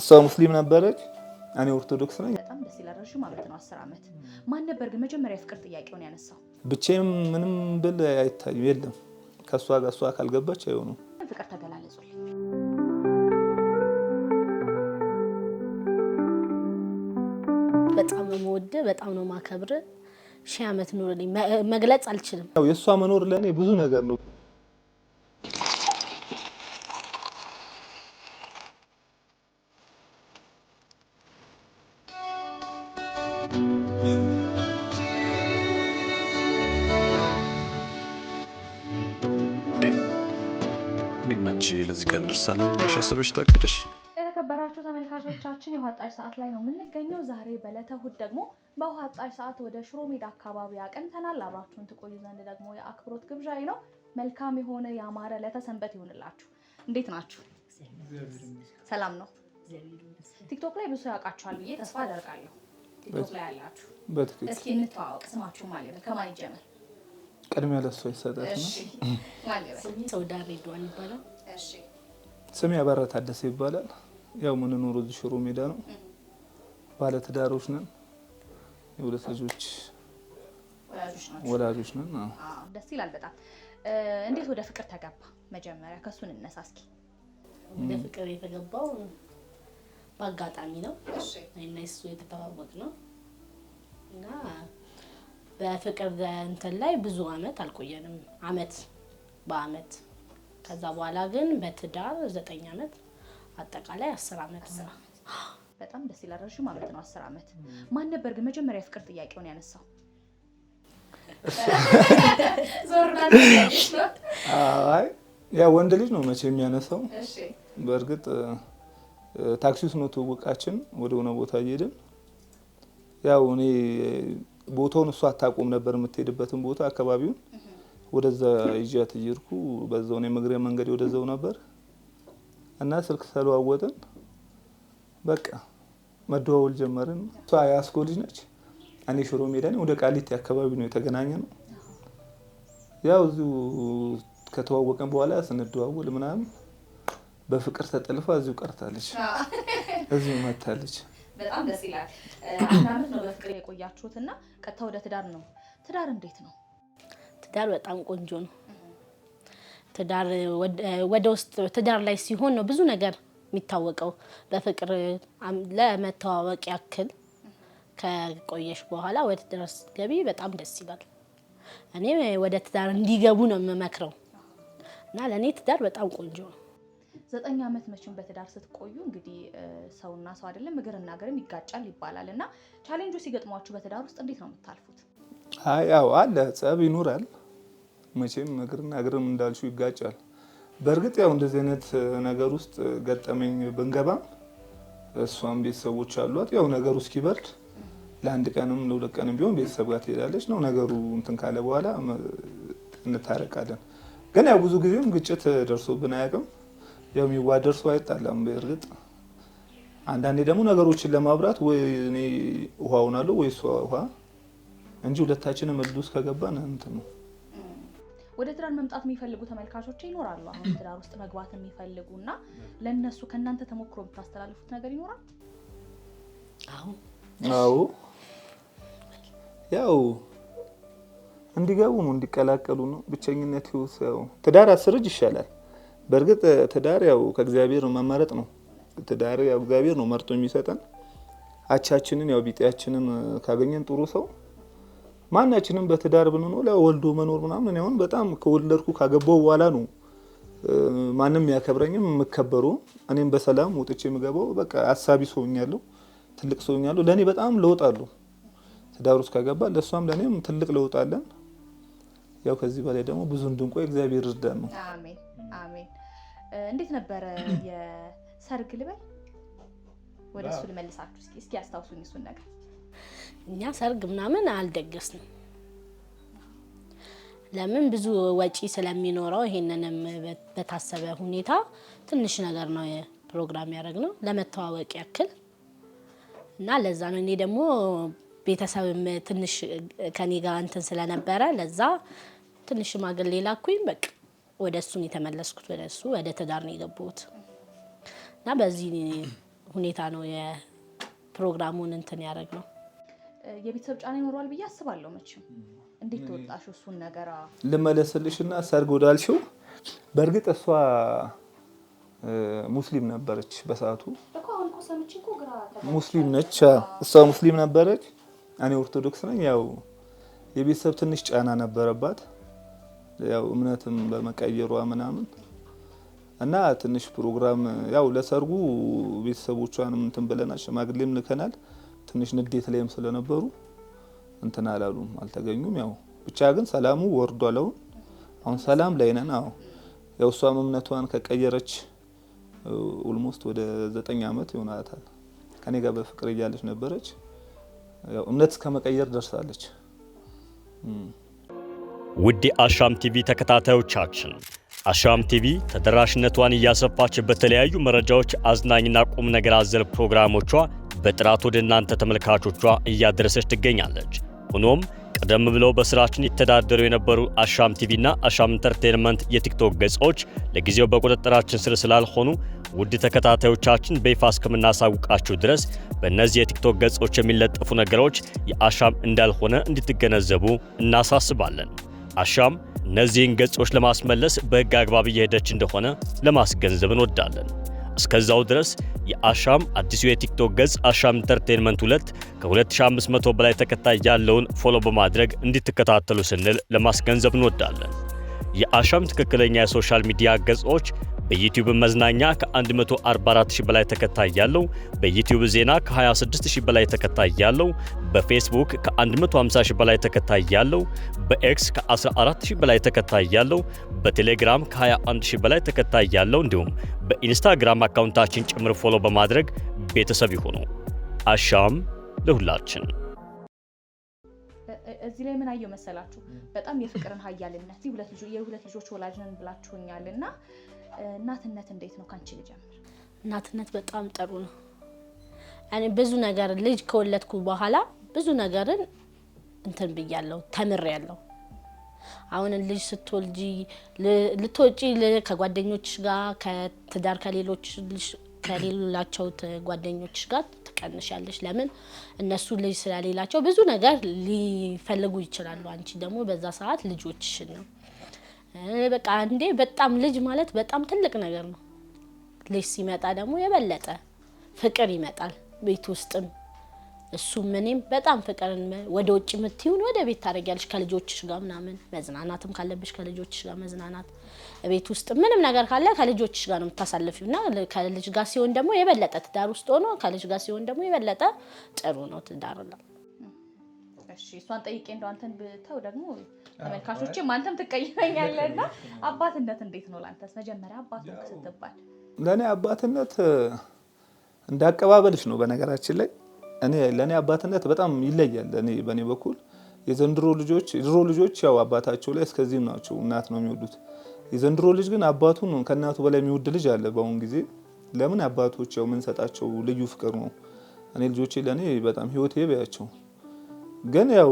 እሷ ሙስሊም ነበረች፣ እኔ ኦርቶዶክስ ነኝ። በጣም ደስ ይላል። ረዥም ዓመት ነው፣ አስር ዓመት። ማን ነበር ግን መጀመሪያ ፍቅር ጥያቄውን ያነሳው? ብቻዬም ምንም ብል አይታዩ የለም ከእሷ ጋር እሷ ካልገባች አይሆኑ ፍቅር ተገላለጹ በጣም ነው የምወድህ፣ በጣም ነው ማከብር ሺህ ዓመት ኑርልኝ። መግለጽ አልችልም። የእሷ መኖር ለእኔ ብዙ ነገር ነው። እንመለሳለን። ሻስበሽ ታቅደሽ የተከበራችሁ ተመልካቾቻችን የውሃ አጣጭ ሰዓት ላይ ነው የምንገኘው። ዛሬ በዕለተ እሑድ ደግሞ በውሃ አጣጭ ሰዓት ወደ ሽሮ ሜዳ አካባቢ አቅንተናል። አብራችሁን ትቆዩ ዘንድ ደግሞ የአክብሮት ግብዣ ነው። መልካም የሆነ ያማረ ዕለተ ሰንበት ይሁንላችሁ። እንዴት ናችሁ? ሰላም ነው። ቲክቶክ ላይ ብዙ ያውቃችኋል ብዬ ተስፋ አደርጋለሁ። ቲክቶክ ላይ ያላችሁ እስኪ እንተዋወቅ። ስማችሁ ማለት ነው። ከማን ይጀምር? ቅድሚያ ለእሷ ይሰጣት ነው። ሰውዳር ሬድዋን ይባላል። ስሜ አበራ ታደሰ ይባላል። ያው የምንኖረው እዚህ ሽሮ ሜዳ ነው። ባለ ባለትዳሮች ነን፣ የሁለት ልጆች ወላጆች ነን። አዎ ደስ ይላል በጣም። እንዴት ወደ ፍቅር ተገባ? መጀመሪያ ከሱን እነሳ እስኪ። ወደ ፍቅር የተገባው በአጋጣሚ ነው እሺ እና እሱ የተተዋወቅ ነው እና በፍቅር እንትን ላይ ብዙ አመት አልቆየንም። አመት በአመት ከዛ በኋላ ግን በትዳር ዘጠኝ ዓመት አጠቃላይ አስር ዓመት በጣም ደስ ይላል። ረዥም ዓመት ነው አስር ዓመት። ማን ነበር ግን መጀመሪያ የፍቅር ጥያቄውን ያነሳው? ያ ወንድ ልጅ ነው መቼ የሚያነሳው። በእርግጥ ታክሲ ውስጥ ነው ትውውቃችን። ወደ ሆነ ቦታ እየሄድን ያው እኔ ቦታውን እሱ አታውቁም ነበር የምትሄድበትን ቦታ አካባቢውን ወደዛ ይዣት እየሄድኩ በዛው ነው የመግሪያ መንገድ ወደዛው ነበር እና ስልክ ተለዋወጥን። በቃ መደዋወል ጀመርን። እሷ የአስኮ ልጅ ነች፣ እኔ ሽሮ ሜዳ ነኝ። ወደ ቃሊቲ አካባቢ ነው የተገናኘ ነው። ያው እዚሁ ከተዋወቀን በኋላ ስንደዋወል ምናምን በፍቅር ተጠልፋ እዚሁ ቀርታለች፣ እዚሁ መታለች። በጣም ደስ ይላል። አንድ ነው በፍቅር የቆያችሁት እና ቀጥታ ወደ ትዳር ነው። ትዳር እንዴት ነው? ትዳር በጣም ቆንጆ ነው። ትዳር ወደ ውስጥ ትዳር ላይ ሲሆን ነው ብዙ ነገር የሚታወቀው። በፍቅር ለመተዋወቅ ያክል ከቆየሽ በኋላ ወደ ትዳር ስትገቢ በጣም ደስ ይላል። እኔ ወደ ትዳር እንዲገቡ ነው የምመክረው እና ለእኔ ትዳር በጣም ቆንጆ ነው። ዘጠኝ ዓመት መቼም በትዳር ስትቆዩ እንግዲህ ሰውና ሰው አይደለም እግርና እግርም ይጋጫል ይባላል እና ቻሌንጁ ሲገጥሟችሁ በትዳር ውስጥ እንዴት ነው የምታልፉት? ያው አለ ጸብ ይኑራል መቼም እግርና እግርም እንዳልሹ ይጋጫል። በእርግጥ ያው እንደዚህ አይነት ነገር ውስጥ ገጠመኝ ብንገባም እሷም ቤተሰቦች አሏት። ያው ነገሩ እስኪበርድ ለአንድ ቀንም ለሁለት ቀንም ቢሆን ቤተሰብ ጋር ትሄዳለች ነው ነገሩ እንትን ካለ በኋላ እንታረቃለን። ግን ያው ብዙ ጊዜም ግጭት ደርሶብን አያውቅም። ያው የሚዋደር ሰው አይጣላም በእርግጥ አንዳንዴ ደግሞ ነገሮችን ለማብራት ወይ እኔ ውሃ ሆናለሁ ወይ እሷ ውሃ እንጂ ሁለታችንም እልህ ውስጥ ከገባን እንትን ነው ወደ ትዳር መምጣት የሚፈልጉ ተመልካቾች ይኖራሉ። አሁን ትዳር ውስጥ መግባት የሚፈልጉ እና ለእነሱ ከእናንተ ተሞክሮ የምታስተላልፉት ነገር ይኖራል? አዎ ያው እንዲገቡ ነው እንዲቀላቀሉ ነው። ብቸኝነት ህይወት ያው ትዳር አስርጅ ይሻላል። በእርግጥ ትዳር ያው ከእግዚአብሔር መመረጥ ነው። ትዳር ያው እግዚአብሔር ነው መርጦ የሚሰጠን አቻችንን ያው ቢጤያችንን ካገኘን ጥሩ ሰው ማናችንም በትዳር ብንኖር ለወልዶ መኖር ምናምን እኔ አሁን በጣም ከወለድኩ ካገባው በኋላ ነው ማንም ያከብረኝም የምከበሩ እኔም በሰላም ወጥቼ የምገባው በቃ አሳቢ ሰውኛለሁ፣ ትልቅ ሰውኛለሁ። ለእኔ በጣም ለውጥ አለው ትዳር ውስጥ ካገባ ለእሷም ለእኔም ትልቅ ለውጥ አለን። ያው ከዚህ በላይ ደግሞ ብዙ እንድንቆይ እግዚአብሔር እርዳን ነው። አሜን አሜን። እንዴት ነበረ የሰርግ ልበል? ወደ እሱ ልመልሳችሁ። እስኪ እስኪ አስታውሱኝ እሱን ነገር እኛ ሰርግ ምናምን አልደገስንም። ለምን ብዙ ወጪ ስለሚኖረው ይሄንንም በታሰበ ሁኔታ ትንሽ ነገር ነው ፕሮግራም ነው ለመተዋወቅ ያክል እና ለዛ ነው። እኔ ደግሞ ቤተሰብም ትንሽ ከኔ ጋር እንትን ስለነበረ ለዛ ትንሽ ሽማግሌ ላኩኝ። በቃ ወደ እሱን የተመለስኩት ወደ እሱ ወደ ትዳር ነው የገቡት። እና በዚህ ሁኔታ ነው የፕሮግራሙን እንትን ነው። የቤተሰብ ጫና ይኖረዋል ብዬ አስባለሁ። መቼም እንዴት ተወጣሽ እሱን ነገር ልመለስልሽ እና ሰርግ ወዳልሽው በእርግጥ እሷ ሙስሊም ነበረች በሰዓቱ ሙስሊም ነች። እሷ ሙስሊም ነበረች፣ እኔ ኦርቶዶክስ ነኝ። ያው የቤተሰብ ትንሽ ጫና ነበረባት፣ ያው እምነትም በመቀየሯ ምናምን እና ትንሽ ፕሮግራም ያው ለሰርጉ ቤተሰቦቿንም እንትን ብለናል፣ ሽማግሌም ልከናል። ትንሽ ንዴት ላይም ስለነበሩ እንትን አላሉም፣ አልተገኙም። ያው ብቻ ግን ሰላሙ ወርዷል። አሁን አሁን ሰላም ላይ ነን። አዎ ያው እሷም እምነቷን ከቀየረች ኦልሞስት ወደ ዘጠኝ ዓመት ይሆናታል። ከኔ ጋር በፍቅር እያለች ነበረች። ያው እምነት እስከ መቀየር ደርሳለች። ውድ አሻም ቲቪ ተከታታዮቻችን አሻም ቲቪ ተደራሽነቷን እያሰፋች በተለያዩ መረጃዎች አዝናኝና ቁም ነገር አዘል ፕሮግራሞቿ በጥራት ወደ እናንተ ተመልካቾቿ እያደረሰች ትገኛለች። ሆኖም ቀደም ብለው በስራችን ይተዳደሩ የነበሩ አሻም ቲቪ ና አሻም ኢንተርቴንመንት የቲክቶክ ገጾች ለጊዜው በቁጥጥራችን ስር ስላልሆኑ ውድ ተከታታዮቻችን በይፋ እስከምናሳውቃችሁ ድረስ በእነዚህ የቲክቶክ ገጾች የሚለጠፉ ነገሮች የአሻም እንዳልሆነ እንድትገነዘቡ እናሳስባለን። አሻም እነዚህን ገጾች ለማስመለስ በሕግ አግባብ እየሄደች እንደሆነ ለማስገንዘብ እንወዳለን። እስከዛው ድረስ የአሻም አዲሱ የቲክቶክ ገጽ አሻም ኢንተርቴንመንት 2 ከ2500 በላይ ተከታይ ያለውን ፎሎ በማድረግ እንድትከታተሉ ስንል ለማስገንዘብ እንወዳለን። የአሻም ትክክለኛ የሶሻል ሚዲያ ገጾች በዩቲዩብ መዝናኛ ከ144000 በላይ ተከታይ ያለው፣ በዩቲዩብ ዜና ከ26000 በላይ ተከታይ ያለው፣ በፌስቡክ ከ150000 በላይ ተከታይ ያለው፣ በኤክስ ከ14000 በላይ ተከታይ ያለው፣ በቴሌግራም ከ21000 በላይ ተከታይ ያለው እንዲሁም በኢንስታግራም አካውንታችን ጭምር ፎሎ በማድረግ ቤተሰብ ይሁኑ። አሻም ለሁላችን። እዚህ ላይ ምን አየው መሰላችሁ? በጣም የፍቅርን ሀያልነት የሁለት ልጆች ወላጅ ነን ብላችሁኛልና እናትነት እንዴት ነው? ካንቺ ልጀምር። እናትነት በጣም ጥሩ ነው። እኔ ብዙ ነገር ልጅ ከወለድኩ በኋላ ብዙ ነገርን እንትን ብያለሁ፣ ተምሬያለሁ። አሁን ልጅ ስትወልጂ ልትወጪ ከጓደኞች ጋር ከትዳር ከሌሎች ከሌላቸው ጓደኞች ጋር ትቀንሻለች። ለምን እነሱ ልጅ ስለሌላቸው ብዙ ነገር ሊፈልጉ ይችላሉ። አንቺ ደግሞ በዛ ሰዓት ልጆችሽን ነው በቃ እንዴ በጣም ልጅ ማለት በጣም ትልቅ ነገር ነው። ልጅ ሲመጣ ደግሞ የበለጠ ፍቅር ይመጣል። ቤት ውስጥም እሱም እኔም በጣም ፍቅር ወደ ውጭ የምትሆን ወደ ቤት ታደርጊያለሽ ከልጆችሽ ጋር ምናምን መዝናናትም ካለብሽ ከልጆችሽ ጋር መዝናናት፣ ቤት ውስጥ ምንም ነገር ካለ ከልጆችሽ ጋር ነው የምታሳልፊው እና ከልጅ ጋር ሲሆን ደግሞ የበለጠ ትዳር ውስጥ ሆኖ ከልጅ ጋር ሲሆን ደግሞ የበለጠ ጥሩ ነው ትዳር ነው። እሺ እሷን ጠይቄ እንደው አንተን ብተው ደግሞ ተመልካቾችም አንተም ትቀይመኛለህ እና አባትነት እንዴት ነው ለአንተስ? መጀመሪያ አባት ነው ስትባል ለእኔ አባትነት እንደ አቀባበልሽ ነው። በነገራችን ላይ እኔ ለእኔ አባትነት በጣም ይለያል። እኔ በእኔ በኩል የዘንድሮ ልጆች የድሮ ልጆች ያው አባታቸው ላይ እስከዚህም ናቸው፣ እናት ነው የሚወዱት። የዘንድሮ ልጅ ግን አባቱን ከእናቱ በላይ የሚወድ ልጅ አለ በአሁን ጊዜ። ለምን አባቶች ያው የምንሰጣቸው ልዩ ፍቅር ነው። እኔ ልጆቼ ለእኔ በጣም ህይወት ይበያቸው ግን ያው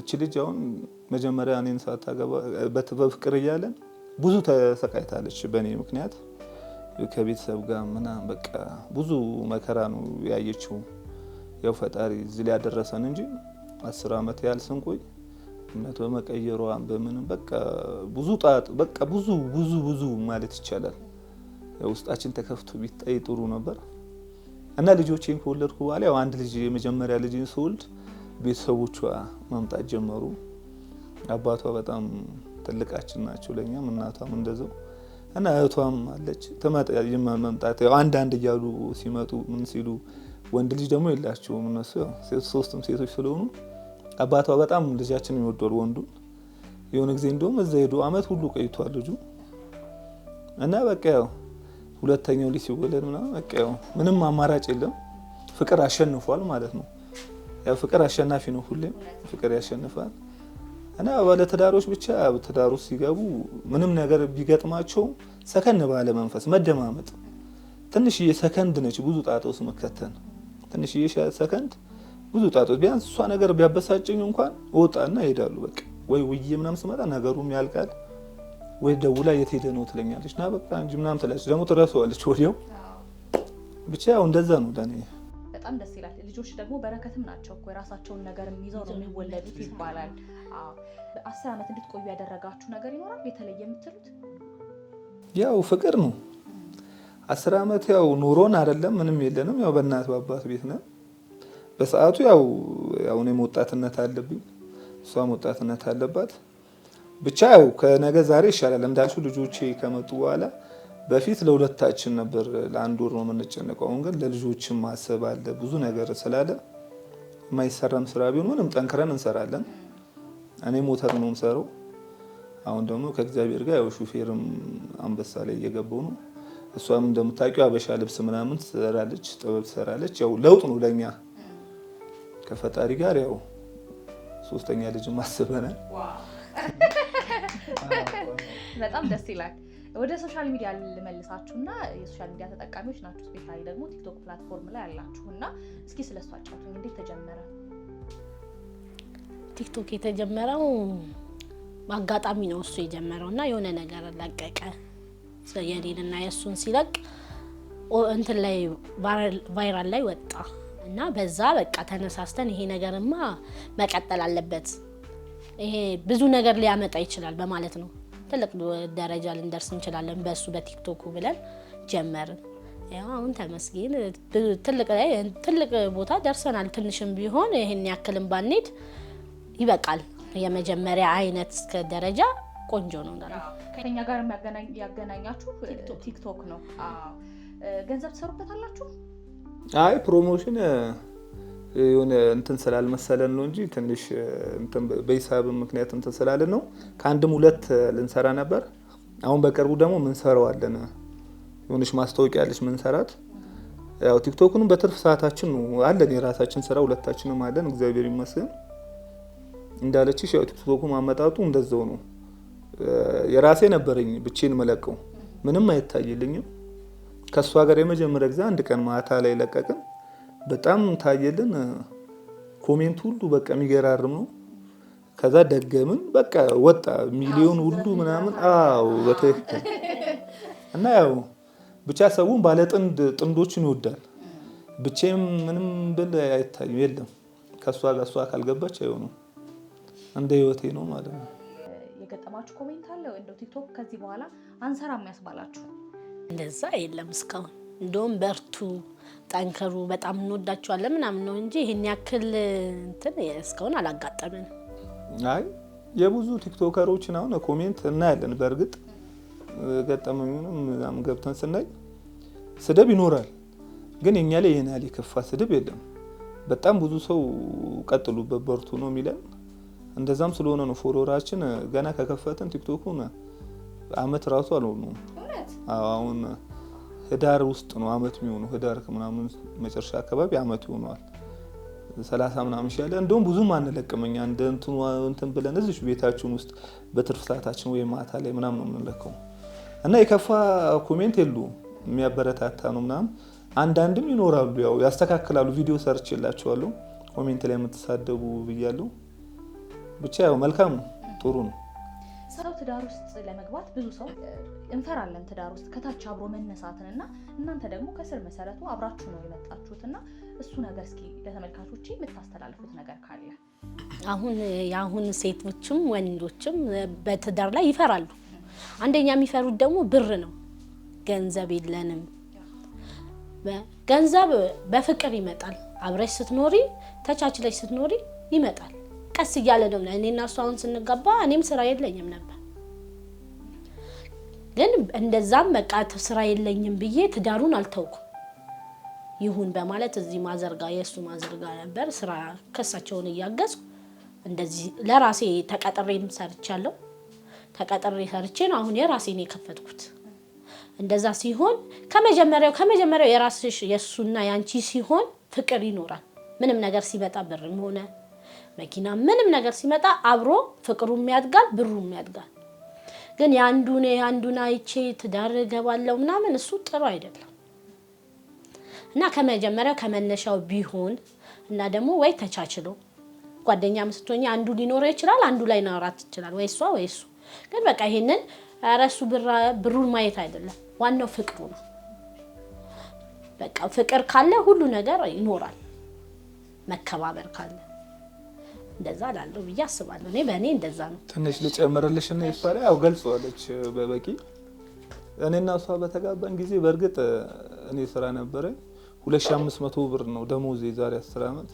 እቺ ልጅ አሁን መጀመሪያ እኔን ሳታገባ በፍቅር እያለን ብዙ ተሰቃይታለች። በእኔ ምክንያት ከቤተሰብ ጋር ምናምን በቃ ብዙ መከራ ነው ያየችው። ያው ፈጣሪ እዚህ ላይ ያደረሰን እንጂ አስር ዓመት ያህል ስንቆይ እምነት በመቀየሯን በምንም በቃ ብዙ ጣጥ በቃ ብዙ ብዙ ብዙ ማለት ይቻላል። ውስጣችን ተከፍቶ ቢታይ ጥሩ ነበር እና ልጆቼን ከወለድኩ በኋላ ያው አንድ ልጅ የመጀመሪያ ልጅን ስወልድ ቤተሰቦቿ መምጣት ጀመሩ። አባቷ በጣም ትልቃችን ናቸው ለእኛም፣ እናቷም እንደዛው እና እህቷም አለች መምጣት አንዳንድ እያሉ ሲመጡ ምን ሲሉ ወንድ ልጅ ደግሞ የላቸውም እነሱ ሶስቱም ሴቶች ስለሆኑ አባቷ በጣም ልጃችን ይወዷል ወንዱን። የሆነ ጊዜ እንደውም እዛ ሄዶ አመት ሁሉ ቆይቷል ልጁ እና በቃ ያው ሁለተኛው ልጅ ሲወለድ ምናምን በቃ ያው ምንም አማራጭ የለም ፍቅር አሸንፏል ማለት ነው። ያው ፍቅር አሸናፊ ነው። ሁሌም ፍቅር ያሸንፋል እና ባለ ባለትዳሮች ብቻ ትዳር ውስጥ ሲገቡ ምንም ነገር ቢገጥማቸው ሰከንድ ባለ መንፈስ መደማመጥ። ትንሽዬ ሰከንድ ነች ብዙ ጣጣ መከተን። ትንሽዬ ሰከንድ ብዙ ጣጣ ቢያንስ እሷ ነገር ቢያበሳጭኝ እንኳን እወጣና እሄዳሉ። በቃ ወይ ውዬ ምናም ስመጣ ነገሩም ያልቃል። ወይ ደውላ የት ሄደ ነው ትለኛለች። ና በቃ እንጂ ምናም ትላለች። ደግሞ ትረሳዋለች ወዲያው። ብቻ ያው እንደዛ ነው ለእኔ በጣም ደስ ይላል። ልጆች ደግሞ በረከትም ናቸው እኮ የራሳቸውን ነገር የሚይዘው ነው የሚወለዱት ይባላል። አስር ዓመት እንድትቆዩ ያደረጋችሁ ነገር ይኖራል የተለየ የምትሉት? ያው ፍቅር ነው። አስር ዓመት ያው ኑሮን አይደለም ምንም የለንም። ያው በእናት በአባት ቤት ነን። በሰዓቱ ያው ያው እኔም ወጣትነት አለብኝ፣ እሷም ወጣትነት አለባት። ብቻ ያው ከነገ ዛሬ ይሻላል እንዳልሽው ልጆቼ ከመጡ በኋላ በፊት ለሁለታችን ነበር ለአንድ ወር ነው የምንጨነቀው። አሁን ግን ለልጆችን ማሰብ አለ ብዙ ነገር ስላለ የማይሰራም ስራ ቢሆን ምንም ጠንክረን እንሰራለን። እኔ ሞተር ነው የምሰራው። አሁን ደግሞ ከእግዚአብሔር ጋር ያው ሹፌርም አንበሳ ላይ እየገባው ነው። እሷም እንደምታውቂው አበሻ ልብስ ምናምን ትሰራለች፣ ጥበብ ትሰራለች። ያው ለውጥ ነው ለእኛ ከፈጣሪ ጋር ያው ሶስተኛ ልጅም አስበናል። በጣም ደስ ይላል። ወደ ሶሻል ሚዲያ ልመልሳችሁ እና የሶሻል ሚዲያ ተጠቃሚዎች ናችሁ፣ ስፔሻሊ ደግሞ ቲክቶክ ፕላትፎርም ላይ ያላችሁ እና እስኪ ስለሱ አጫውቱኝ። እንዴት ተጀመረ ቲክቶክ? የተጀመረው አጋጣሚ ነው እሱ የጀመረው እና የሆነ ነገር ለቀቀ እና የእሱን ሲለቅ እንትን ላይ ቫይራል ላይ ወጣ እና በዛ በቃ ተነሳስተን ይሄ ነገርማ መቀጠል አለበት፣ ይሄ ብዙ ነገር ሊያመጣ ይችላል በማለት ነው ትልቅ ደረጃ ልንደርስ እንችላለን በእሱ በቲክቶኩ ብለን ጀመርን። አሁን ተመስገን ትልቅ ላይ ትልቅ ቦታ ደርሰናል። ትንሽም ቢሆን ይህን ያክልን ባንሄድ ይበቃል። የመጀመሪያ አይነት እስከ ደረጃ ቆንጆ ነው። ከኛ ጋር ያገናኛችሁ ቲክቶክ ነው። ገንዘብ ትሰሩበት አላችሁ? አይ ፕሮሞሽን የሆነ እንትን ስላልመሰለን ነው እንጂ ትንሽ በሂሳብ ምክንያት እንትን ስላለን ነው። ከአንድም ሁለት ልንሰራ ነበር። አሁን በቅርቡ ደግሞ ምንሰራዋለን የሆነች ማስታወቂያ ያለች ምንሰራት ያው ቲክቶክንም በትርፍ ሰዓታችን አለን። የራሳችን ስራ ሁለታችንም አለን። እግዚአብሔር ይመስገን እንዳለችሽ ያው ቲክቶኩ ማመጣጡ እንደዛው ነው። የራሴ ነበረኝ ብቼን መለቀው ምንም አይታይልኝም። ከእሷ ጋር የመጀመሪያ ጊዜ አንድ ቀን ማታ ላይ ለቀቅን። በጣም ታየልን። ኮሜንት ሁሉ በቃ የሚገራርም ነው። ከዛ ደገምን በቃ ወጣ ሚሊዮን ሁሉ ምናምን። አዎ በትክክል እና ያው ብቻ ሰውን ባለጥንድ ጥንዶችን ይወዳል። ብቼም ምንም ብል አይታይም የለም ከእሷ ጋር እሷ ካልገባች አይሆንም። እንደ ህይወቴ ነው ማለት ነው። የገጠማችሁ ኮሜንት አለ እንደው ቲክቶክ ከዚህ በኋላ አንሰራ የሚያስባላችሁ እንደዛ የለም እስካሁን እንደውም በርቱ፣ ጠንከሩ፣ በጣም እንወዳቸዋለን ምናምን ነው እንጂ ይህን ያክል እንትን እስካሁን አላጋጠመን። አይ የብዙ ቲክቶከሮችን አሁን ኮሜንት እናያለን። በእርግጥ ገጠመኙንም ምናምን ገብተን ስናይ ስድብ ይኖራል፣ ግን የኛ ላይ ይህን ያህል የከፋ ስድብ የለም። በጣም ብዙ ሰው ቀጥሉበት፣ በርቱ ነው የሚለን። እንደዛም ስለሆነ ነው ፎሎወራችን ገና ከከፈትን ቲክቶኩን አመት ራሱ አልሆኑም አሁን ህዳር ውስጥ ነው አመት የሚሆነው ህዳር ምናምን መጨረሻ አካባቢ አመት ይሆነዋል። ሰላሳ ምናምን ሺህ ያለ እንደውም ብዙም አንለቅመኛ እንደ እንትኑ እንትን ብለን እዚች ቤታችን ውስጥ በትርፍ ሰዓታችን ወይም ማታ ላይ ምናምን ነው የምንለቀው እና የከፋ ኮሜንት የሉም የሚያበረታታ ነው ምናምን። አንዳንድም ይኖራሉ ያው ያስተካክላሉ። ቪዲዮ ሰርች የላቸዋለሁ ኮሜንት ላይ የምትሳደቡ ብያለሁ። ብቻ ያው መልካም ጥሩ ነው። ሰው ትዳር ውስጥ ለመግባት ብዙ ሰው እንፈራለን። ትዳር ውስጥ ከታች አብሮ መነሳትን እና እናንተ ደግሞ ከስር መሰረቱ አብራችሁ ነው የመጣችሁት እና እሱ ነገር እስኪ ለተመልካቾች የምታስተላልፉት ነገር ካለ። አሁን የአሁን ሴቶችም ወንዶችም በትዳር ላይ ይፈራሉ። አንደኛ የሚፈሩት ደግሞ ብር ነው። ገንዘብ የለንም። ገንዘብ በፍቅር ይመጣል። አብረሽ ስትኖሪ ተቻችለሽ ስትኖሪ ይመጣል። ቀስ እያለ ነው። እኔ እና እሱ አሁን ስንጋባ እኔም ስራ የለኝም ነበር፣ ግን እንደዛም በቃ ስራ የለኝም ብዬ ትዳሩን አልተውኩም ይሁን በማለት እዚህ ማዘርጋ የእሱ ማዘርጋ ነበር ስራ ከሳቸውን እያገዝኩ እንደዚህ ለራሴ ተቀጥሬም ሰርቻለሁ። ተቀጥሬ ሰርቼ ነው አሁን የራሴን የከፈትኩት። እንደዛ ሲሆን ከመጀመሪያው ከመጀመሪያው የራስሽ የእሱና የአንቺ ሲሆን ፍቅር ይኖራል። ምንም ነገር ሲመጣ ብርም ሆነ መኪና፣ ምንም ነገር ሲመጣ አብሮ ፍቅሩም ያድጋል፣ ብሩም ያድጋል። ግን የአንዱን የአንዱን አይቼ ትዳር ገባለው ምናምን እሱ ጥሩ አይደለም እና ከመጀመሪያው ከመነሻው ቢሆን እና ደግሞ ወይ ተቻችሎ ጓደኛ ምስቶኛ አንዱ ሊኖረው ይችላል፣ አንዱ ላይ ኖራት ይችላል፣ ወይ እሷ ወይ እሱ። ግን በቃ ይሄንን ረሱ ብሩን ማየት አይደለም ዋናው ፍቅሩ ነው። በቃ ፍቅር ካለ ሁሉ ነገር ይኖራል፣ መከባበር ካለ እንደዛ ላለው ብዬ አስባለሁ። እኔ በእኔ እንደዛ ነው። ትንሽ ልጨምርልሽ እና ይባላ ያው ገልጸዋለች በበቂ እኔና እሷ በተጋባን ጊዜ በእርግጥ እኔ ስራ ነበረ 2500 ብር ነው ደሞዝ የዛሬ 10 ዓመት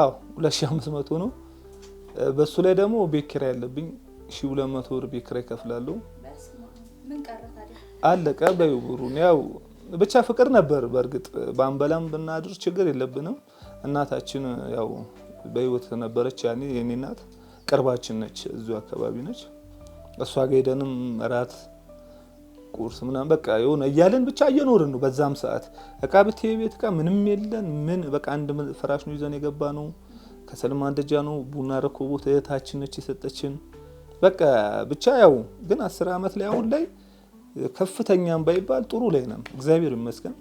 አዎ 2500 ነው። በእሱ ላይ ደግሞ ቤት ኪራይ ያለብኝ 1200 ብር ቤት ኪራይ እከፍላለሁ። አለቀ በዩ ብሩን ያው ብቻ ፍቅር ነበር። በእርግጥ በአንበላም ብናድር ችግር የለብንም። እናታችን ያው በህይወት ከነበረች ያኔ የኔ እናት ቅርባችን ነች፣ እዚሁ አካባቢ ነች። እሷ ጋ ሄደንም እራት ቁርስ ምናምን በቃ የሆነ እያለን ብቻ እየኖርን ነው። በዛም ሰዓት እቃ ብትሄ ቤት እቃ ምንም የለን ምን በቃ አንድ ፍራሽ ነው ይዘን የገባ ነው። ከሰልማን ደጃ ነው። ቡና ረኮቦት እህታችን ነች የሰጠችን። በቃ ብቻ ያው ግን አስር ዓመት ላይ አሁን ላይ ከፍተኛም ባይባል ጥሩ ላይ ነን፣ እግዚአብሔር ይመስገን።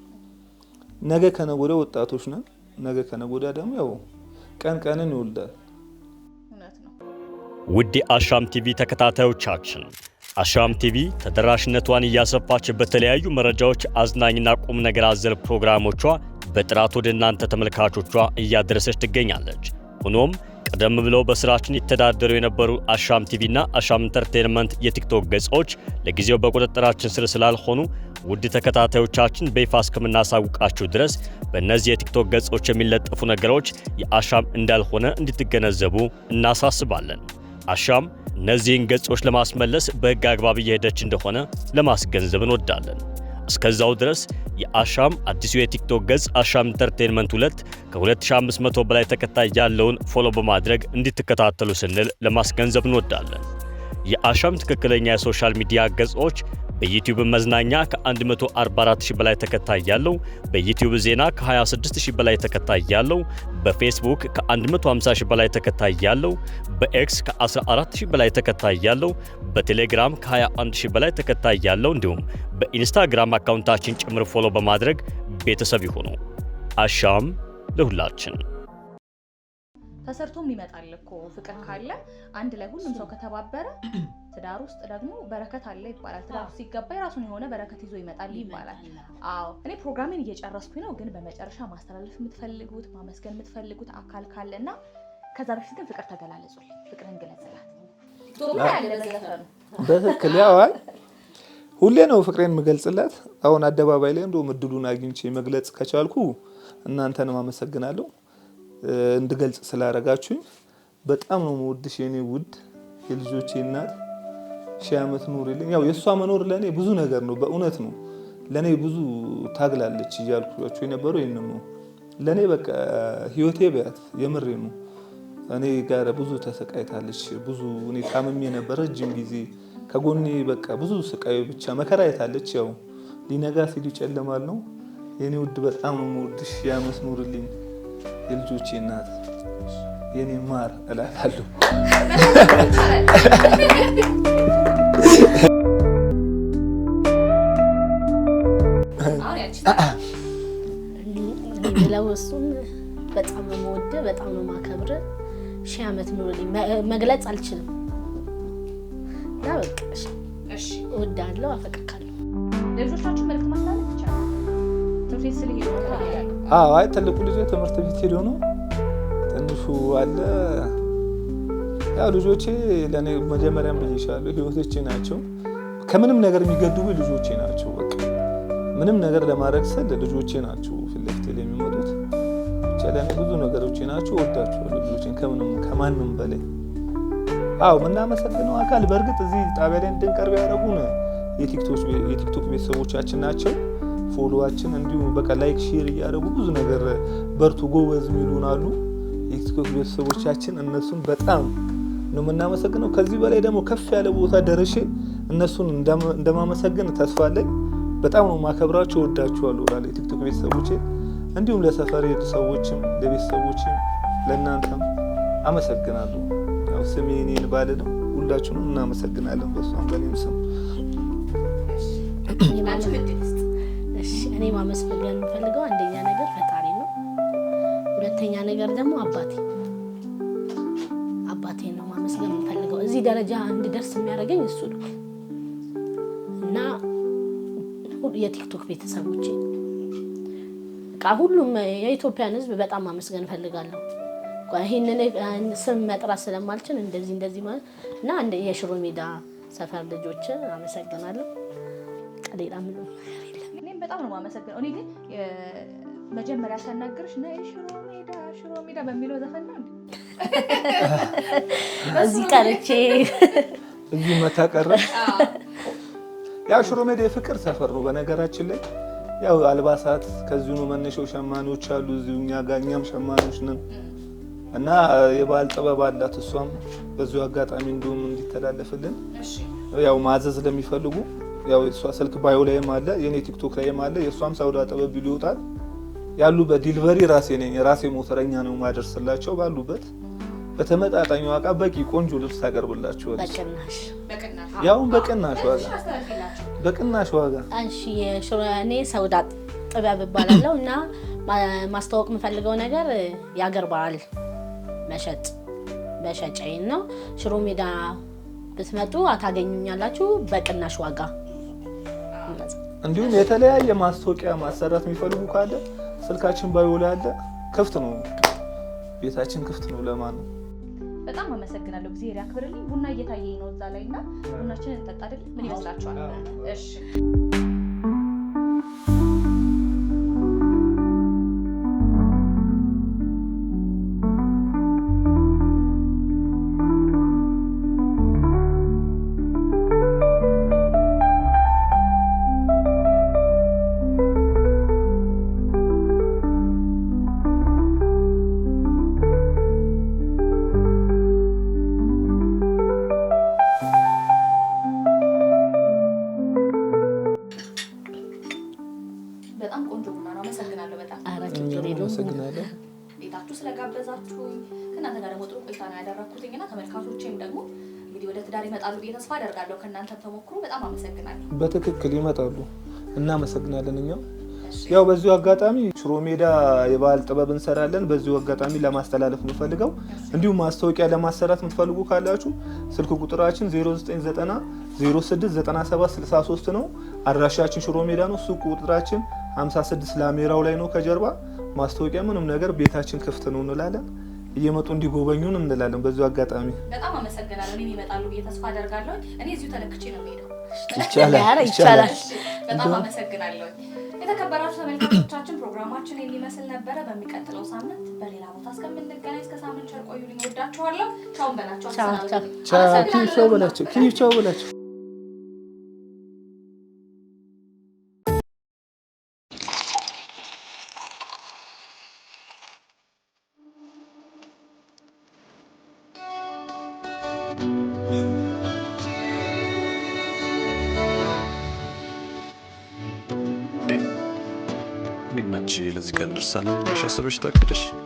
ነገ ከነገ ወዲያ ወጣቶች ነን። ነገ ከነገ ወዲያ ደግሞ ያው ቀን ቀንን ይወልዳል። ውድ አሻም ቲቪ ተከታታዮቻችን አሻም ቲቪ ተደራሽነቷን እያሰፋች በተለያዩ መረጃዎች አዝናኝና ቁም ነገር አዘል ፕሮግራሞቿ በጥራት ወደ እናንተ ተመልካቾቿ እያደረሰች ትገኛለች። ሆኖም ቀደም ብለው በስራችን ይተዳደሩ የነበሩ አሻም ቲቪና አሻም ኢንተርቴንመንት የቲክቶክ ገጾች ለጊዜው በቁጥጥራችን ስር ስላልሆኑ ውድ ተከታታዮቻችን በይፋ እስከምናሳውቃችሁ ድረስ በእነዚህ የቲክቶክ ገጾች የሚለጠፉ ነገሮች የአሻም እንዳልሆነ እንድትገነዘቡ እናሳስባለን። አሻም እነዚህን ገጾች ለማስመለስ በሕግ አግባብ እየሄደች እንደሆነ ለማስገንዘብ እንወዳለን። እስከዛው ድረስ የአሻም አዲሱ የቲክቶክ ገጽ አሻም ኢንተርቴንመንት 2 ከ2500 በላይ ተከታይ ያለውን ፎሎ በማድረግ እንድትከታተሉ ስንል ለማስገንዘብ እንወዳለን። የአሻም ትክክለኛ የሶሻል ሚዲያ ገጾች በዩቲዩብ መዝናኛ ከ144000 በላይ ተከታይ ያለው፣ በዩቲዩብ ዜና ከ26000 በላይ ተከታይ ያለው፣ በፌስቡክ ከ150000 በላይ ተከታይ ያለው፣ በኤክስ ከ14000 በላይ ተከታይ ያለው፣ በቴሌግራም ከ21000 በላይ ተከታይ ያለው እንዲሁም በኢንስታግራም አካውንታችን ጭምር ፎሎ በማድረግ ቤተሰብ ይሁኑ። አሻም ለሁላችን! ተሰርቶም ይመጣል እኮ ፍቅር ካለ አንድ ላይ ሁሉም ሰው ከተባበረ ትዳር ውስጥ ደግሞ በረከት አለ ይባላል። ትዳር ሲገባ የራሱን የሆነ በረከት ይዞ ይመጣል ይባላል። አዎ እኔ ፕሮግራሜን እየጨረስኩኝ ነው፣ ግን በመጨረሻ ማስተላለፍ የምትፈልጉት ማመስገን የምትፈልጉት አካል ካለ እና ከዛ በፊት ግን ፍቅር ተገላለጹልኝ፣ ፍቅርን ግለጽላት። በትክክል ያዋል ሁሌ ነው ፍቅሬን የምገልጽላት። አሁን አደባባይ ላይ እንደውም እድሉን አግኝቼ መግለጽ ከቻልኩ እናንተንም አመሰግናለሁ። እንድገልጽ ስላደረጋችሁኝ በጣም ነው የምወድሽ የኔ ውድ የልጆቼ እናት ሺህ ዓመት ኑሪልኝ። ያው የእሷ መኖር ለእኔ ብዙ ነገር ነው፣ በእውነት ነው። ለእኔ ብዙ ታግላለች እያልኩላችሁ የነበረው ይህን ነው። ለእኔ በቃ ህይወቴ በያት የምሬ ነው። እኔ ጋር ብዙ ተሰቃይታለች። ብዙ እኔ ታምሜ ነበር ረጅም ጊዜ ከጎኔ በቃ ብዙ ስቃይ ብቻ መከራ አይታለች። ያው ሊነጋ ሲሉ ይጨልማል ነው የኔ ውድ፣ በጣም ነው የምወድሽ። ሺህ ዓመት የልጆች እናት የኔ ማር እላታለሁ። ለወሱም በጣም በጣም ነው ሺህ ዓመት መግለጽ አልችልም እና በቃ እወድሃለሁ፣ ለልጆቻችሁ መልክ ማሳለፍ ይቻላል። አይ ትልቁ ልጅ ትምህርት ቤት ሄዶ ነው። ትንሹ አለ ያው ልጆቼ ለእኔ መጀመሪያም ብይሻሉ ህይወቶቼ ናቸው። ከምንም ነገር የሚገድቡ ልጆቼ ናቸው። በቃ ምንም ነገር ለማድረግ ስል ልጆቼ ናቸው ፊት ለፊቴ ላይ የሚመጡት። ለእኔ ብዙ ነገሮቼ ናቸው። እወዳቸዋለሁ ልጆቼን ከምንም ከማንም በላይ። አዎ የምናመሰግነው አካል በእርግጥ እዚህ ጣቢያ ላይ እንድንቀርብ ያደረጉን የቲክቶክ ቤተሰቦቻችን ናቸው። ፎሎዋችን እንዲሁም በቃ ላይክ ሼር እያደረጉ ብዙ ነገር በርቱ ጎበዝ የሚሉን አሉ። የቲክቶክ ቤተሰቦቻችን እነሱን በጣም ነው የምናመሰግነው። ከዚህ በላይ ደግሞ ከፍ ያለ ቦታ ደርሼ እነሱን እንደማመሰግን ተስፋ አለኝ። በጣም ነው ማከብራቸው፣ ወዳችኋለሁ እላለሁ የቲክቶክ ቤተሰቦቼ፣ እንዲሁም ለሰፈሬ ሰዎችም ለቤተሰቦችም ለእናንተም አመሰግናለሁ። ያው ስሜ እኔን ባለ ነው ሁላችሁንም እናመሰግናለን በሷም በእኔም ስም እኔ ማመስገን የምፈልገው አንደኛ ነገር ፈጣሪ ነው። ሁለተኛ ነገር ደግሞ አባቴ አባቴ ነው ማመስገን የምፈልገው። እዚህ ደረጃ እንድደርስ የሚያደርገኝ እሱ ነው እና የቲክቶክ ቤተሰቦች ቃ ሁሉም የኢትዮጵያን ሕዝብ በጣም ማመስገን እፈልጋለሁ። ይህንን ስም መጥራት ስለማልችል እንደዚህ እንደዚህ ማለት እና የሽሮ ሜዳ ሰፈር ልጆች አመሰግናለሁ። ሌላ ምንም ይሄን በጣም ነው የማመሰግነው። እኔ ግን መጀመሪያ ሳናገርሽ ነይ ሽሮ ሜዳ ሽሮ ሜዳ በሚለው ዘፈን ነው እዚህ ቀርቼ እዚህ መታቀረ ያው ሽሮ ሜዳ የፍቅር ሰፈር ነው። በነገራችን ላይ ያው አልባሳት ከዚሁ ነው መነሻው። ሸማኔዎች አሉ እዚሁ እኛ ጋር፣ እኛም ሸማኔዎች ነን እና የባህል ጥበብ አላት እሷም። በዚሁ አጋጣሚ እንዲሁም እንዲተላለፍልን ያው ማዘዝ ለሚፈልጉ ያው የእሷ ስልክ ባዮ ላይም አለ፣ የኔ ቲክቶክ ላይም አለ። የእሷም ሳውዳ ጠበብ ቢሉ ይወጣል ያሉበት ዲልቨሪ ራሴ ነኝ የራሴ ሞተረኛ ነው ማደርስላቸው። ባሉበት በተመጣጣኝ ዋጋ በቂ ቆንጆ ልብስ ታቀርብላቸዋለች። ያው በቅናሽ ዋጋ በቅናሽ ዋጋ እኔ ሰውዳ ጥበብ እባላለሁ እና ማስተዋወቅ የምፈልገው ነገር የአገር በዓል መሸጥ መሸጫዬን ነው። ሽሮ ሜዳ ብትመጡ አታገኙኛላችሁ በቅናሽ ዋጋ ማለት ነው። እንዲሁም የተለያየ ማስታወቂያ ማሰራት የሚፈልጉ ካለ ስልካችን ባዮ ላይ አለ። ክፍት ነው፣ ቤታችን ክፍት ነው። ለማን ነው? በጣም አመሰግናለሁ። ጊዜ ያክብርልኝ። ቡና እየታየኝ ነው እዛ ላይ እና ቡናችን እንጠጣ አይደል? ምን ይመስላችኋል? እሺ ትዳር ይመጣሉ ብዬ ተስፋ አደርጋለሁ። ከእናንተ ተሞክሮ በጣም አመሰግናለሁ። በትክክል ይመጣሉ። እናመሰግናለን እኛው ያው በዚሁ አጋጣሚ ሽሮ ሜዳ የባህል ጥበብ እንሰራለን። በዚሁ አጋጣሚ ለማስተላለፍ የምፈልገው እንዲሁም ማስታወቂያ ለማሰራት የምትፈልጉ ካላችሁ ስልክ ቁጥራችን 0990 0697763 ነው። አድራሻችን ሽሮ ሜዳ ነው። ሱቅ ቁጥራችን 56 ላሜራው ላይ ነው ከጀርባ። ማስታወቂያ ምንም ነገር ቤታችን ክፍት ነው እንላለን። እየመጡ እንዲጎበኙን እንላለን። በዚሁ አጋጣሚ በጣም አመሰግናለሁ። እኔም ይመጣሉ ብዬ ተስፋ አደርጋለሁ። እኔ እዚሁ ተለክቼ ነው የምሄደው። ይቻላል ይቻላል። በጣም አመሰግናለሁ። የተከበራችሁ ተመልካቾቻችን ፕሮግራማችን የሚመስል ነበረ። በሚቀጥለው ሳምንት በሌላ ቦታ እስከምንገናኝ እስከ ሳምንት ቸር ቆዩልኝ። እወዳችኋለሁ። ቻውን በላቸው። ቻው ቻው በላቸው። ቻው በላቸው። sanırsan başa sürüşte kırış